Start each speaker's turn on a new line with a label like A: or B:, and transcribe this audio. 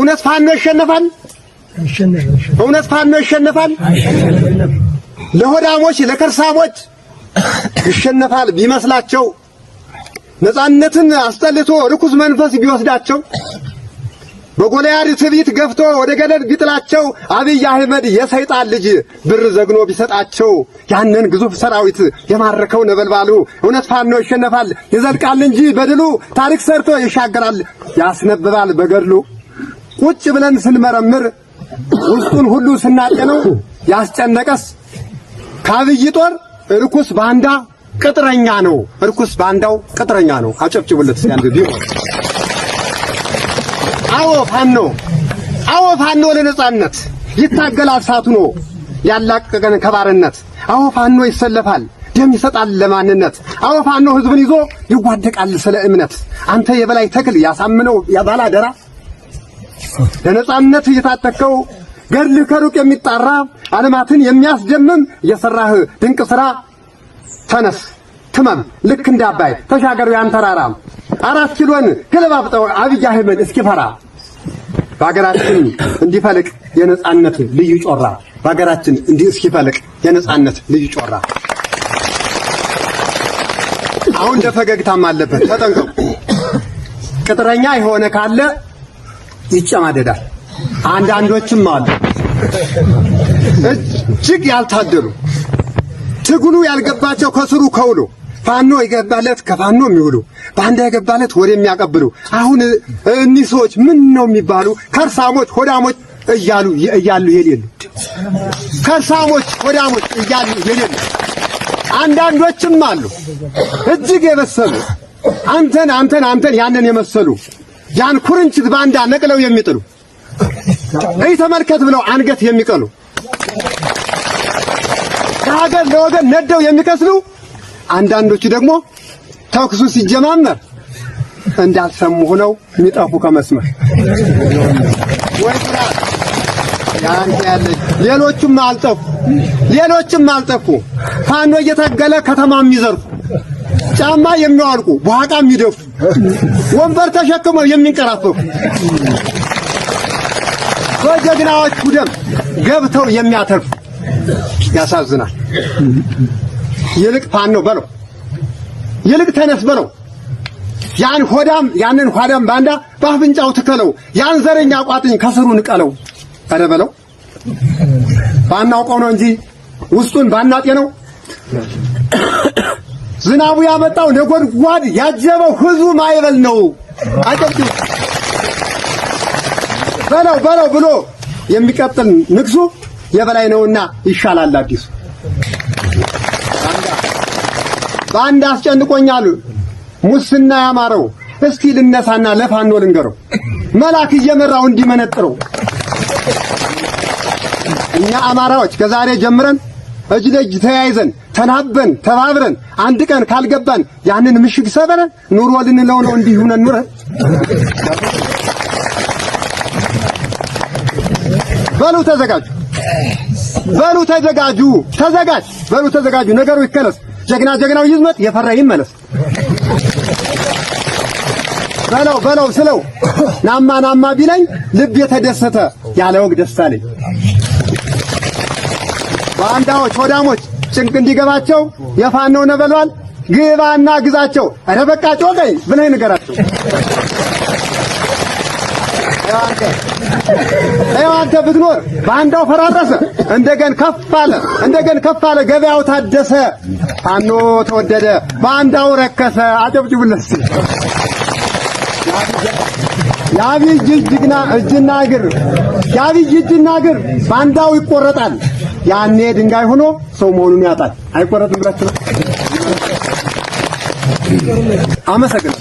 A: እውነት ፋኖ ይሸነፋል? እውነት ፋኖ ይሸነፋል? ለሆዳሞች ለከርሳሞች ይሸነፋል ቢመስላቸው ነፃነትን አስጠልቶ ርኩስ መንፈስ ቢወስዳቸው በጎልያድ ትዕቢት ገፍቶ ወደ ገደል ቢጥላቸው አብይ አህመድ የሰይጣን ልጅ ብር ዘግኖ ቢሰጣቸው ያንን ግዙፍ ሰራዊት የማረከው ነበልባሉ እውነት ፋኖ ይሸነፋል፣ ይዘልቃል እንጂ በድሉ ታሪክ ሰርቶ ይሻገራል፣ ያስነብባል በገድሉ ቁጭ ብለን ስንመረምር ውስጡን ሁሉ ስናጤነው ያስጨነቀስ ከአብይ ጦር እርኩስ ባንዳ ቅጥረኛ ነው። እርኩስ ባንዳው ቅጥረኛ ነው። አጨብጭቡለት ሲያንግ ቢሆን አዎ ፋኖ አዎ ፋኖ ለነጻነት ይታገላል። ነው ያላቀቀን ከባርነት አዎ ፋኖ ይሰለፋል ደም ይሰጣል ለማንነት። አዎ ፋኖ ህዝብን ይዞ ይዋደቃል ስለ እምነት። አንተ የበላይ ተክል ያሳምነው ያባላደራ ለነጻነት እየታጠቀው ገድልህ ከሩቅ የሚጣራ ዓለማትን የሚያስደምም የሰራህ ድንቅ ስራ ተነስ ትመም ልክ እንደ አባይ ተሻገሩ ያን ተራራ አራት ኪሎን ገለባብጠው አብይ አህመድ እስኪፈራ በሀገራችን እንዲፈልቅ የነጻነት ልዩ ጮራ በሀገራችን እንዲህ እስኪፈልቅ የነጻነት ልዩ ጮራ አሁን እንደ አለበት ተጠንቀቁ ቅጥረኛ የሆነ ካለ ይጨማደዳል። አንዳንዶችም አሉ እጅግ ያልታደሉ ትግሉ ያልገባቸው ከስሩ ከውሎ ፋኖ የገባለት ከፋኖ የሚውሉ ባንዳ የገባለት ወደ የሚያቀብሉ አሁን እኒህ ሰዎች ምን ነው የሚባሉ ከርሳሞች ሆዳሞች እያሉ እያሉ የሌሉ ከርሳሞች ሆዳሞች እያሉ የሌሉ አንዳንዶችም አሉ እጅግ የበሰሉ አንተን አንተን አንተን ያንን የመሰሉ ያን ኩርንችት ባንዳ ነቅለው የሚጥሉ እይ ተመልከት ብለው አንገት የሚቀሉ ከሀገር ለወገን ነደው የሚከስሉ አንዳንዶቹ ደግሞ ተኩሱ ሲጀማመር እንዳልሰሙ ሆነው የሚጠፉ ከመስመር ወይ አልጠፉ ሌሎችም አልጠፉ ፋኖ እየታገለ ከተማም ይዘርፉ ጫማ የሚያወልቁ በኋቃ የሚደፉ ወንበር ተሸክመው የሚንቀራፈፉ በጀግናዎቹ ደም ገብተው የሚያተርፉ ያሳዝናል። ይልቅ ፋኖ በለው፣ ይልቅ ተነስ በለው። ያን ሆዳም ያንን ሆዳም ባንዳ በአፍንጫው ትከለው፣ ያን ዘረኛ ቋጥኝ ከስሩ ንቀለው። ኧረ በለው ባናውቀው ነው እንጂ ውስጡን ባናጤ ነው። ዝናቡ ያመጣው ነጎድጓድ ያጀበው ህዝቡ ማይበል ነው። አይደል? በለው በለው ብሎ የሚቀጥል ንግሱ የበላይ ነውና ይሻላል አዲሱ። በአንድ አስጨንቆኛል ሙስና ያማረው። እስኪ ልነሳና ለፋኖ ልንገረው፣ መልአክ እየመራው እንዲመነጥረው። እኛ አማራዎች ከዛሬ ጀምረን እጅ ለእጅ ተያይዘን ተናበን ተባብረን አንድ ቀን ካልገባን ያንን ምሽግ ሰበረን ኑሮ ልንለው ነው። እንዲህ ሆነን ኑረን በሉ ተዘጋጁ፣ በሉ ተዘጋጁ፣ ተዘጋጅ፣ በሉ ተዘጋጁ። ነገሩ ይከለስ፣ ጀግና ጀግናው ይዝመት፣ የፈራ ይመለስ። በለው በለው ስለው ናማ ናማ ቢለኝ ልብ የተደሰተ ያለ ወግ ደስታ አለኝ። ባንዳዎች፣ ሆዳሞች ጭንቅ እንዲገባቸው የፋኖው ነበልባል ግባና ግዛቸው። ኧረ በቃ ጮቀኝ ብለህ ንገራቸው። ይኸው አንተ ብትኖር ባንዳው ፈራረሰ፣ እንደገን ከፍ አለ፣ እንደገን ከፍ አለ። ገበያው ታደሰ፣ ፋኖ ተወደደ፣ ባንዳው ረከሰ። አጨብጭቡለት። የአብይ እጅና እግር የአብይ እጅና እግር ባንዳው ይቆረጣል። ያኔ ድንጋይ ሆኖ ሰው መሆኑን ያጣል። አይቆረጥም ብላችሁ ነው። አመሰግናለሁ።